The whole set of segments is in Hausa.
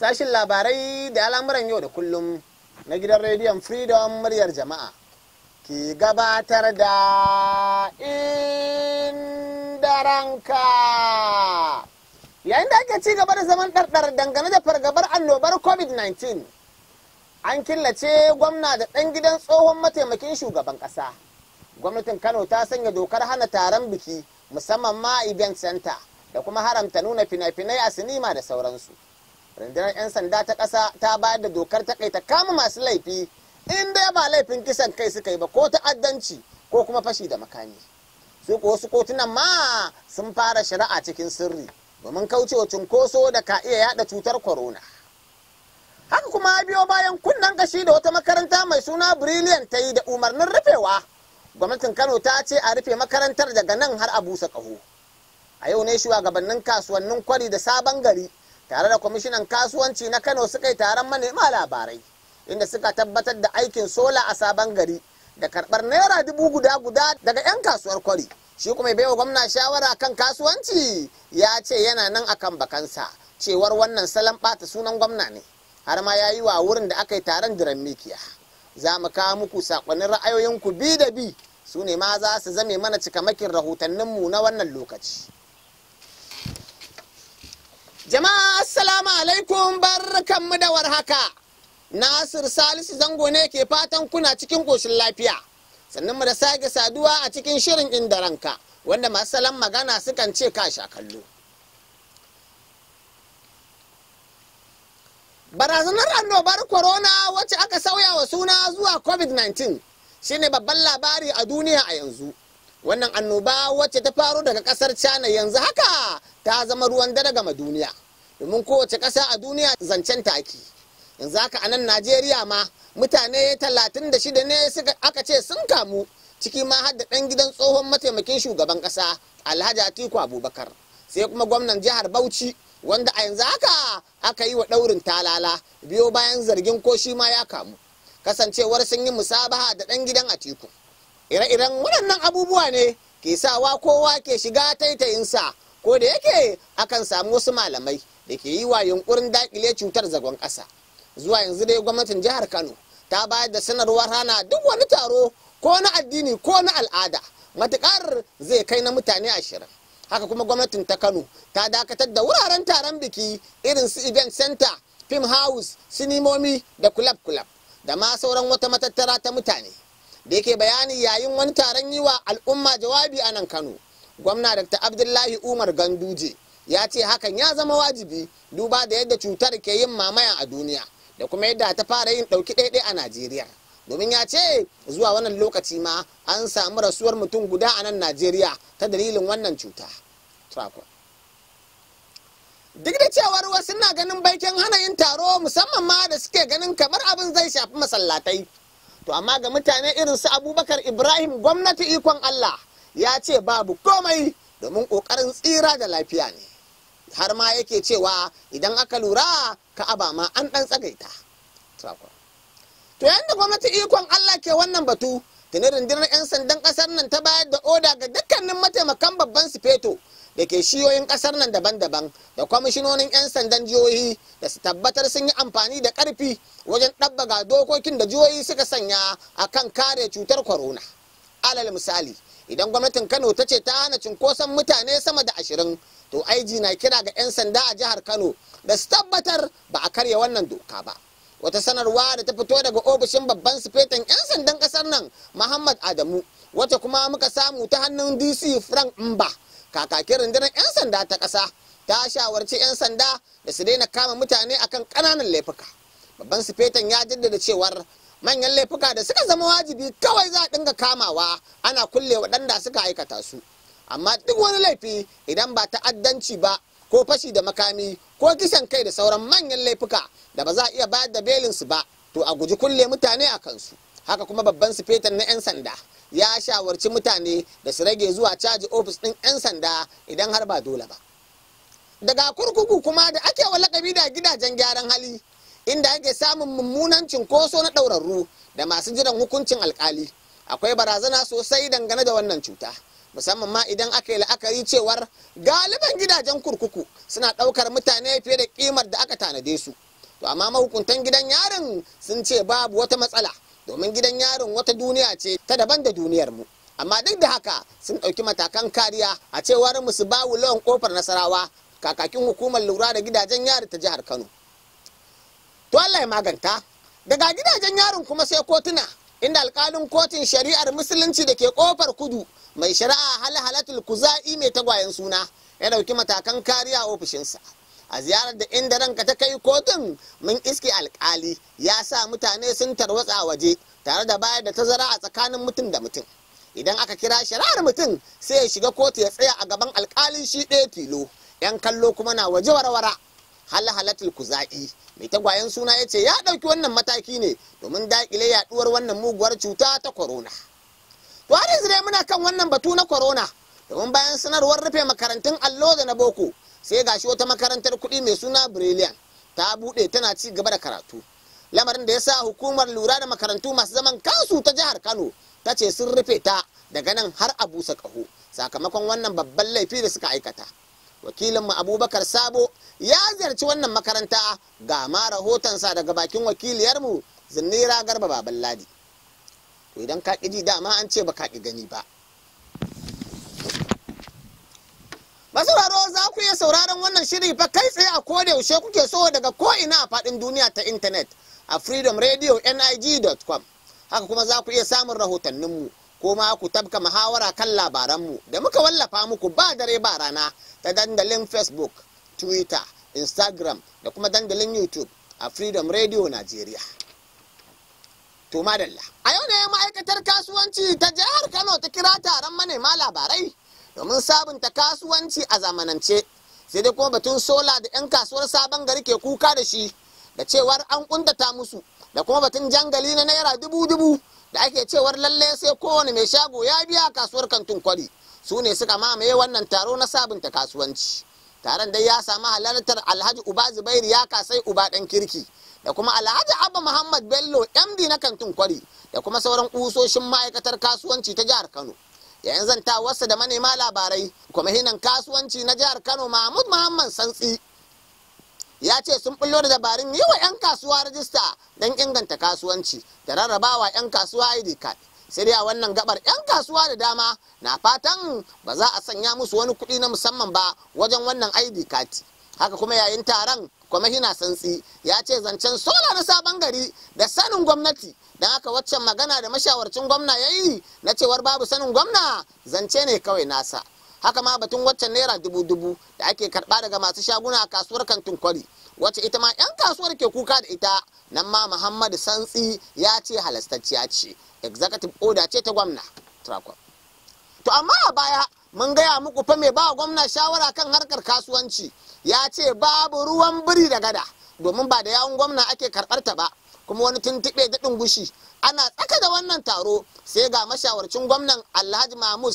sashin labarai da al'amuran yau da kullum na gidan rediyon freedom muryar jama'a ke gabatar da indaranka yayin da ake ci gaba da zaman ɗarɗar dangane da fargabar annobar covid-19 an killace gwamna da ɗan gidan tsohon mataimakin shugaban ƙasa gwamnatin kano ta sanya dokar hana taron biki musamman ma event center da kuma haramta nuna fina-finai a sinima da sauransu. rundunar 'yan sanda ta ƙasa ta bayar da dokar takaita kama masu laifi in dai ba laifin kisan kai suka yi ba ko ta'addanci ko kuma fashi da makami su ko wasu kotunan ma sun fara shari'a cikin sirri domin kaucewa cunkoso da ka iya yada cutar corona haka kuma biyo bayan kunnen gashi da wata makaranta mai suna brilliant ta yi da umarnin rufewa gwamnatin kano ta ce a rufe makarantar daga nan har a busa kaho. a yau ne shugabannin kasuwannin kwari da sabon gari tare da kwamishinan kasuwanci na kano suka yi taron manema labarai inda suka tabbatar da aikin sola a sabon gari da karbar naira dubu guda guda daga 'yan kasuwar kwari shi kuma baiwa gwamna shawara kan kasuwanci ya ce yana nan akan bakansa cewar wannan salon bata sunan gwamna ne har ma ya yi wa wurin da aka yi taron diran mikiya za mu kawo muku sakonnin ra'ayoyinku bi da bi su ne ma za su zame mana cikamakin rahotanninmu na wannan lokaci Jama'a assalamu alaikum barkan mu da warhaka. Nasir Salisu zango ne ke fatan kuna cikin koshin lafiya. Sannan mu da sake saduwa a cikin shirin inda ranka wanda masu magana sukan ce ka sha kallo. Barazanar annobar corona wacce aka sauya wa suna zuwa COVID-19 shine babban labari a duniya a yanzu. wannan annoba wacce ta faru daga kasar china yanzu haka ta zama ruwan dare gama duniya domin kowace ƙasa a duniya zancen taki yanzu haka a nan najeriya ma mutane 36 ne aka ce sun kamu ciki ma har da ɗan gidan tsohon mataimakin shugaban ƙasa alhaji atiku abubakar sai kuma gwamnan jihar bauchi wanda a yanzu haka aka yi wa ɗaurin talala biyo bayan zargin ko shi ma ya kamu kasancewar sun yi musabaha da ɗan gidan atiku ire-iren waɗannan abubuwa ne ke sawa kowa ke shiga taitayinsa ko da yake akan samu wasu malamai da ke yi wa yunkurin daƙile cutar zagon ƙasa zuwa yanzu dai gwamnatin jihar kano ta bayar da sanarwar rana duk wani taro ko na addini ko na al'ada matuƙar zai kai na mutane ashirin haka kuma gwamnatin ta kano ta dakatar da wuraren taron biki irin su event center film house sinimomi da kulab-kulab da ma sauran wata matattara ta mutane da yake bayani yayin wani taron yi wa al'umma jawabi a nan kano gwamna dr abdullahi umar ganduje ya ce hakan ya zama wajibi duba da yadda cutar ke yin mamaya a duniya da kuma yadda ta fara yin ɗauki ɗaiɗai a najeriya domin ya ce zuwa wannan lokaci ma an samu rasuwar mutum guda a nan najeriya ta dalilin wannan cuta duk da cewar wasu na ganin baikin hanayin taro musamman ma da suke ganin kamar abin zai shafi masallatai to amma ga mutane irin su abubakar ibrahim gwamnati ikon allah ya ce babu komai domin ƙoƙarin tsira da lafiya ne har ma yake cewa idan aka lura ka abama an ɗan tsagaita to yadda gwamnati ikon allah ke wannan batu tuni rundunar 'yan sandan ƙasar nan ta bayar da oda ga dukkanin mataimakan babban su feto. da ke shiyoyin kasar nan daban-daban da kwamishinonin 'yan sandan jihohi da su tabbatar sun yi amfani da karfi wajen ɗabbaga dokokin da jihohi suka sanya a kan kare cutar corona alal misali idan gwamnatin kano ta ce ta hana cunkoson mutane sama da ashirin to aiji na kira ga 'yan sanda a jihar kano da su tabbatar ba a karya wannan doka ba wata sanarwa da ta fito daga ofishin babban sufetan 'yan sandan kasar nan muhammad adamu wata kuma muka samu ta hannun dc frank mba kakakin rundunar 'yan sanda ta ƙasa ta shawarci 'yan sanda da su daina kama mutane akan ƙananan laifuka babban sifetan ya jaddada cewar manyan laifuka da suka zama wajibi kawai za a dinga kamawa ana kulle waɗanda suka aikata su amma duk wani laifi idan ba ta'addanci ba ko fashi da makami ko kisan kai da sauran manyan laifuka da ba za a iya bayar da belinsu ba to a guji kulle mutane a kansu. haka kuma babban sifetan na 'yan sanda ya shawarci mutane da su rage zuwa caji ofis ɗin 'yan sanda idan har ba dole ba daga kurkuku kuma da ake wa lakabi da gidajen gyaran hali inda ake samun mummunan cinkoso na ɗaurarru da masu jiran hukuncin alkali akwai barazana sosai dangane da wannan cuta musamman ma idan aka yi la'akari cewar galiban gidajen kurkuku suna ɗaukar mutane fiye da kimar da aka tanade su to amma mahukuntan gidan yarin sun ce babu wata matsala domin gidan yarin wata duniya ce ta daban da duniyar mu amma duk da haka sun ɗauki matakan kariya a cewar musu bawu lawan kofar nasarawa kakakin hukumar lura da gidajen yari ta jihar kano to allah ya maganta daga gidajen yarin kuma sai kotuna inda alkalin kotun shari'ar musulunci da ke kofar kudu mai shari'a hal halatul kuza'i mai tagwayen suna ya ɗauki matakan kariya ofishinsa a ziyarar da inda ranka ta kai kotun mun iske alkali ya sa mutane sun tarwatsa waje tare da bayar da tazara a tsakanin mutum da mutum idan aka kira shirar mutum sai ya shiga kotu ya tsaya a gaban alkalin shi ɗaya tilo yan kallo kuma na waje warwara halhalatul kuza'i mai tagwayen suna ya ce ya ɗauki wannan mataki ne domin daƙile yaɗuwar wannan muguwar cuta ta corona to har yanzu dai muna kan wannan batu na corona domin bayan sanarwar rufe makarantun allo da na boko sai gashi wata makarantar kuɗi mai suna brilliant ta buɗe tana ci gaba da karatu lamarin da ya sa hukumar lura da makarantu masu zaman kansu ta jihar kano ta ce sun rufe ta daga nan har a busa ƙaho sakamakon wannan babban laifi da suka aikata wakilinmu abubakar sabo ya ziyarci wannan makaranta ga ma rahotonsa daga bakin wakiliyarmu zinnira garba baban ladi to idan ka ƙi ji dama an ce ba ka ƙi gani ba masauraro za ku iya sauraron wannan shiri fa kai tsaye a koda yaushe kuke so daga ko'ina a faɗin duniya ta intanet a freedomradio.nig.com haka kuma za ku iya samun rahotanninmu ko ma ku tabka muhawara kan labaranmu da muka wallafa muku ba dare ba rana ta dandalin facebook twitter instagram da kuma dandalin youtube a freedom radio nigeria to madalla a yau ne ma'aikatar kasuwanci ta jihar kano ta kira taron manema labarai domin sabunta kasuwanci a zamanance sai dai kuma batun sola da 'yan kasuwar sabon gari ke kuka da shi da cewar an kundata musu da kuma batun jangali na naira dubu dubu da ake cewar lalle sai kowane mai shago ya biya kasuwar kantin kwari su ne suka mamaye wannan taro na sabunta kasuwanci taron dai ya samu halartar alhaji uba zubairu ya kasai uba dan kirki da kuma alhaji abba muhammad bello md na kantin kwari da kuma sauran kusoshin ma'aikatar kasuwanci ta jihar kano yayin zantawarsa da manema labarai kwamishinan kasuwanci na jihar kano mahmud muhammad santsi ya ce sun bullo da dabarun yi wa 'yan kasuwa rajista don inganta kasuwanci da rarrabawa 'yan kasuwa id card sai dai a wannan gabar 'yan kasuwa da dama na fatan ba za a sanya musu wani kuɗi na musamman ba wajen wannan id card haka kuma yayin taron kwamahina santsi ya ce zancen sola na sabon gari da sanin gwamnati don haka waccan magana da mashawarcin gwamna ya yi na cewar babu sanin gwamna zance ne kawai nasa haka ma batun waccan naira dubu dubu da ake karba daga masu shaguna a kasuwar kantin kwari wacce ita ma 'yan kasuwar ke kuka da ita nan ma muhammadu santsi ya ce halastacciya ce executive order ce ta gwamna to amma a baya mun gaya muku fa mai ba gwamna shawara kan harkar kasuwanci ya ce babu ruwan biri da gada domin ba da yawun gwamna ake karɓar ta ba kuma wani tuntuɓe daɗin gushi ana tsaka da wannan taro sai ga mashawarcin gwamnan alhaji mahmud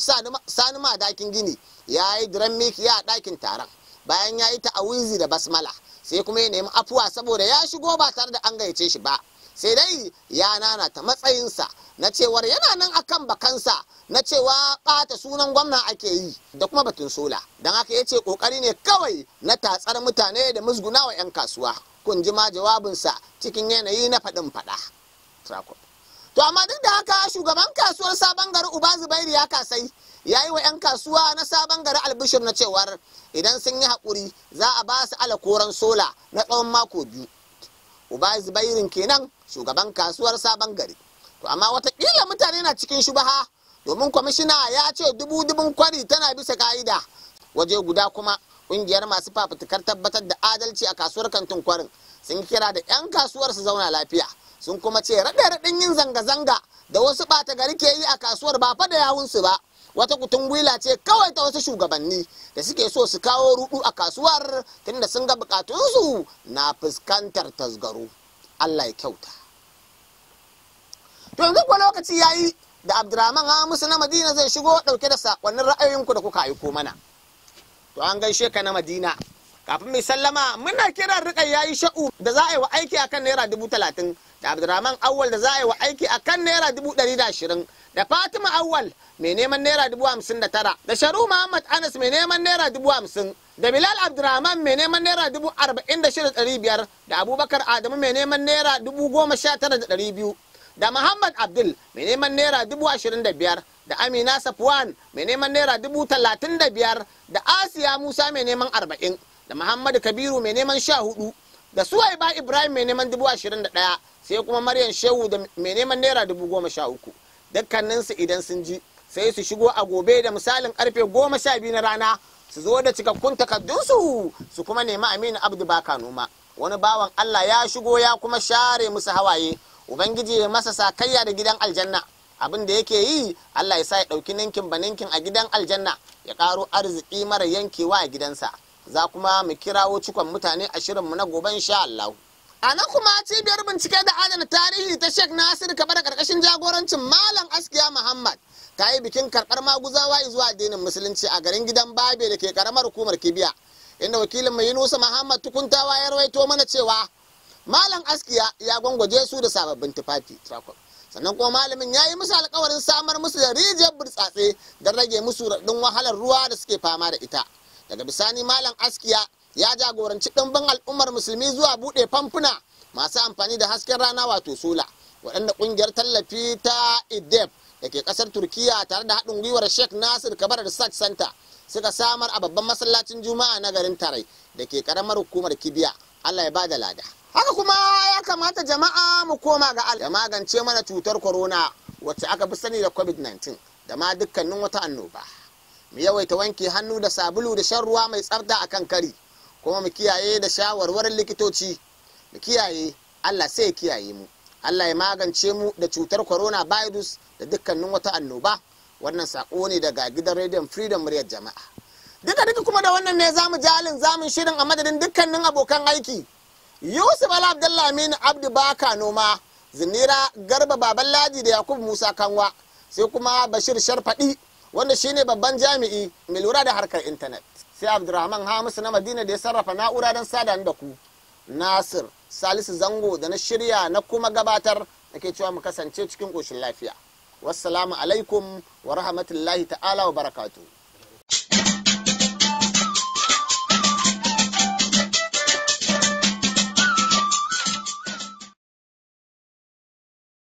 sani dakin gini ya yi dramik ya a dakin taron bayan ya yi ta'awizi da basmala sai kuma ya nemi afuwa saboda ya shigo ba tare da an gayyace shi ba sai dai ya nana ta matsayinsa na cewar yana nan akan bakansa na cewa ɓata sunan gwamna ake yi da kuma batun sola don haka ya ce kokari ne kawai na tatsar mutane da musguna wa 'yan kasuwa kun ji ma jawabinsa cikin yanayi na faɗin faɗa to amma duk da haka shugaban kasuwar sabon gari uba zubairu ya kasai ya yi wa 'yan kasuwa na sabon gari albishir na cewar idan sun yi haƙuri za a ba su alakoran sola na tsawon mako biyu uba zubairin kenan shugaban kasuwar sabon gari to amma watakila mutane na cikin shubaha domin kwamishina ya ce dubu dubun kwari tana bisa ka'ida waje guda kuma ƙungiyar masu fafutukar tabbatar da adalci a kasuwar kantin kwarin sun kira da 'yan kasuwar su zauna lafiya sun kuma ce raɗe-raɗin yin zanga-zanga da wasu ɓata gari ke yi a kasuwar ba fa da yawunsu ba wata kutun gwila ce kawai ta wasu shugabanni da suke so su kawo rudu a kasuwar tunda sun ga bukatunsu na fuskantar tasgaro allah ya kyauta to yanzu kuwa lokaci ya yi da abdurrahman hamisu na madina zai shigo dauke da sakonnin ra'ayoyinku da kuka aiko mana to an gaishe ka na madina kafin mai sallama muna kiran rikai yayi sha'u da za a yi wa aiki akan naira dubu talatin da abdurrahman awwal da za a yi wa aiki akan naira dubu ɗari da ashirin da fatima awwal mai neman naira dubu hamsin da tara da sharu muhammad anas mai neman naira dubu hamsin da bilal abdurrahman mai neman naira dubu arba'in da shida ɗari biyar da abubakar adamu mai neman naira dubu goma sha tara da ɗari biyu da muhammad abdul mai neman naira dubu ashirin da biyar da amina safwan mai neman naira dubu talatin da biyar da asiya musa mai neman arba'in da muhammadu kabiru mai neman sha hudu da suwaiba ibrahim mai neman dubu ashirin da ɗaya sai kuma maryam shehu da mai neman naira dubu goma sha uku dukkaninsu idan sun ji sai su shigo a gobe da misalin karfe goma sha biyu na rana su zo da cikakkun takardunsu su kuma nemi aminu abdu baka noma wani bawan allah ya shigo ya kuma share musu hawaye ubangiji ya masa sakayya da gidan aljanna abin da yake yi Allah ya sa ya ɗauki ninkin ba a gidan aljanna ya ƙaro arziki mara yankewa a gidansa za kuma mu kirawo cikon mutane ashirin mu na gobe insha Allah. A nan kuma cibiyar bincike da adana tarihi ta Sheikh Nasir Kabar karkashin jagorancin Malam Askiya Muhammad ta yi bikin karɓar maguzawa zuwa addinin musulunci a garin gidan Babe da ke karamar hukumar Kibiya. Inda wakilin mai Yunusa Muhammad tukuntawa ya rawaito mana cewa malam askiya ya gwangwaje su da sababbin tufafi sannan kuma malamin ya yi musu alkawarin samar musu da rijiyar burtsatse don rage musu raɗin wahalar ruwa da suke fama da ita daga bisani malam askiya ya jagoranci ɗimbin al'ummar musulmi zuwa buɗe famfuna masu amfani da hasken rana wato sola waɗanda ƙungiyar tallafi ta idep da ke ƙasar turkiya tare da haɗin gwiwar sheikh nasir kabar research center suka samar a babban masallacin juma'a na garin tarai da ke ƙaramar hukumar kibiya allah ya ba da lada haka kuma ya kamata jama'a mu koma ga al ya magance mana cutar corona wacce aka fi sani da covid-19 da ma dukkanin wata annoba mu yawaita wanke hannu da sabulu da shan ruwa mai tsafta kan kari kuma mu kiyaye da shawarwarin likitoci mu kiyaye allah sai ya kiyaye mu allah ya magance mu da cutar corona virus da dukkanin wata annoba wannan sako ne daga gidan Radio freedom muryar jama'a duka duka kuma da wannan ne zamu jalin zamun shirin a madadin dukkanin abokan aiki yusuf alabdullah min abdu baka noma zinira garba baban ladi da yakubu musa kanwa sai kuma bashir sharfaɗi wanda shine babban jami'i mai lura da harkar intanet sai abdurrahman hamisu na madina da ya sarrafa na'ura don sada da ku nasir salisu zango da na shirya na kuma gabatar da ke cewa mu kasance cikin ƙoshin lafiya wassalamu alaikum wa rahmatullahi ta'ala wa barakatuhu